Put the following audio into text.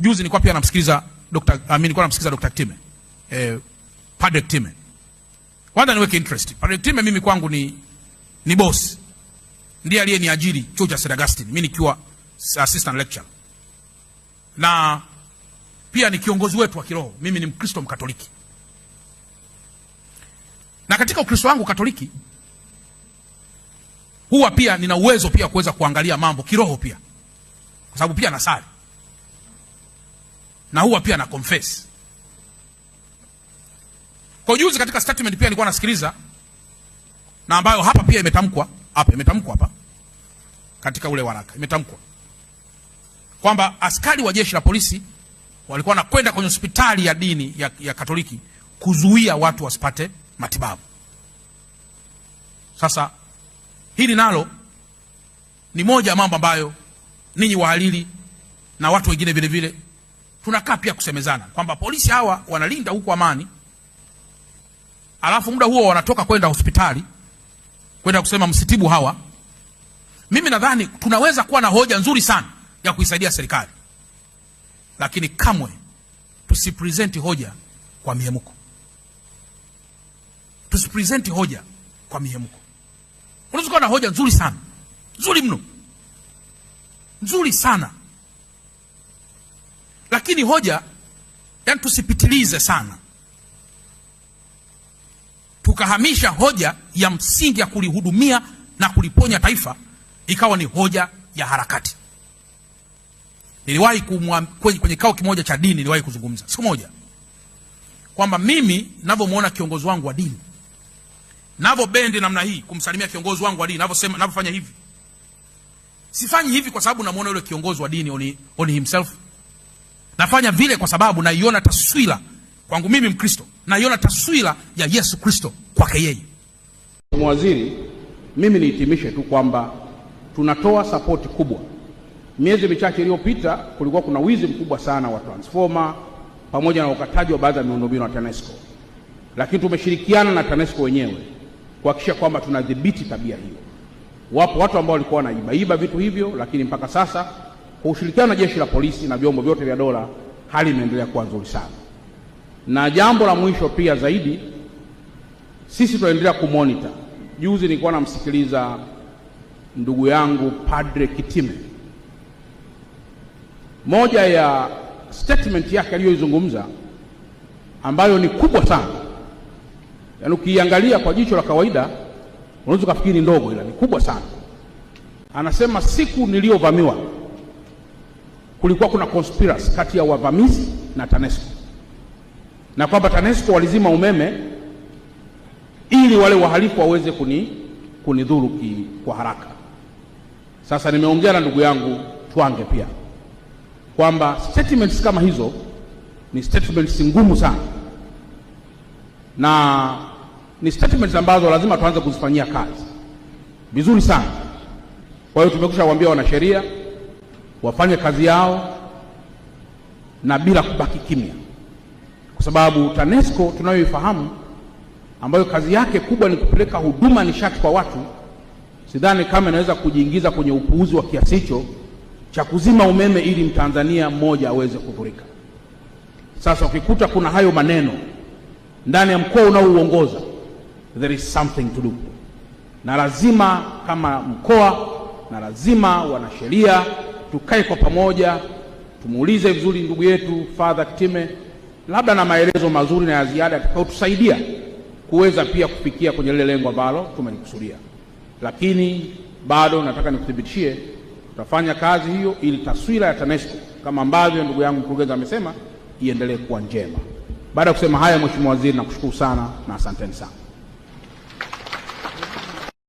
Juzi nilikuwa pia namsikiliza Dr. I mean nilikuwa namsikiliza Dr. Time. Eh, Padre Time. Kwanza niweke interest. Padre Time mimi kwangu ni ni boss. Ndiye aliyeniajiri chuo cha St. Augustine. Mimi nikiwa assistant lecturer. Na pia ni kiongozi wetu wa kiroho. Mimi ni Mkristo Mkatoliki. Na katika Ukristo wangu Katoliki huwa pia nina uwezo pia kuweza kuangalia mambo kiroho pia. Kwa sababu pia nasali na huwa pia ana confess. Kwa juzi katika statement pia nilikuwa nasikiliza na ambayo hapa pia imetamkwa hapa, imetamkwa hapa katika ule waraka imetamkwa kwamba askari wa jeshi la polisi walikuwa wanakwenda kwenye hospitali ya dini ya, ya Katoliki kuzuia watu wasipate matibabu. Sasa hili nalo ni moja ya mambo ambayo ninyi wahalili na watu wengine vile vile tunakaa pia kusemezana kwamba polisi hawa wanalinda huku amani, alafu muda huo wanatoka kwenda hospitali kwenda kusema msitibu hawa. Mimi nadhani tunaweza kuwa na hoja nzuri sana ya kuisaidia serikali, lakini kamwe tusipresenti hoja kwa mihemko, tusipresenti hoja kwa mihemko. Unaweza kuwa na hoja nzuri sana nzuri mno nzuri sana lakini hoja yani, tusipitilize sana, tukahamisha hoja ya msingi ya kulihudumia na kuliponya taifa ikawa ni hoja ya harakati. Niliwahi kwenye kikao kimoja cha dini, niliwahi kuzungumza siku moja kwamba mimi navyomwona kiongozi wangu wa dini navyo bendi namna hii kumsalimia kiongozi wangu wa dini navyosema, navyofanya hivi, sifanyi hivi kwa sababu namwona yule kiongozi wa dini on, on himself Nafanya vile kwa sababu naiona taswira kwangu mimi Mkristo, naiona taswira ya Yesu Kristo kwake yeye. Mwaziri, Waziri, mimi nihitimishe tu kwamba tunatoa sapoti kubwa. Miezi michache iliyopita kulikuwa kuna wizi mkubwa sana wa transformer pamoja na ukataji wa baadhi ya miundombinu ya TANESCO, lakini tumeshirikiana na TANESCO wenyewe kuhakikisha kwamba tunadhibiti tabia hiyo. Wapo watu ambao walikuwa wanaibaiba vitu hivyo, lakini mpaka sasa kwa ushirikiano na jeshi la polisi na vyombo vyote vya dola, hali imeendelea kuwa nzuri sana. Na jambo la mwisho pia zaidi, sisi tunaendelea kumonita. Juzi nilikuwa namsikiliza ndugu yangu Padre Kitime, moja ya statement yake aliyoizungumza ambayo ni kubwa sana, yaani ukiiangalia kwa jicho la kawaida unaweza ukafikiri ndogo, ila ni kubwa sana. Anasema siku niliyovamiwa kulikuwa kuna conspiracy kati ya wavamizi na TANESCO na kwamba TANESCO walizima umeme ili wale wahalifu waweze kuni kunidhuru kwa haraka. Sasa nimeongea na ndugu yangu Twange pia kwamba statements kama hizo ni statements ngumu sana na ni statements ambazo lazima tuanze kuzifanyia kazi vizuri sana. Kwa hiyo tumekwisha kuambia wanasheria wafanye kazi yao na bila kubaki kimya, kwa sababu TANESCO tunayoifahamu ambayo kazi yake kubwa ni kupeleka huduma nishati kwa watu, sidhani kama inaweza kujiingiza kwenye upuuzi wa kiasi hicho cha kuzima umeme ili mtanzania mmoja aweze kudhurika. Sasa ukikuta kuna hayo maneno ndani ya mkoa unaouongoza, there is something to do, na lazima kama mkoa na lazima wanasheria tukae kwa pamoja, tumuulize vizuri ndugu yetu Father time labda na maelezo mazuri na ya ziada yatakayotusaidia kuweza pia kufikia kwenye lile lengo ambalo tumelikusudia. Lakini bado nataka nikuthibitishie tutafanya kazi hiyo ili taswira ya TANESCO kama ambavyo ndugu yangu mkurugenzi amesema iendelee kuwa njema. Baada ya kusema haya, Mheshimiwa Waziri, nakushukuru sana na asanteni sana.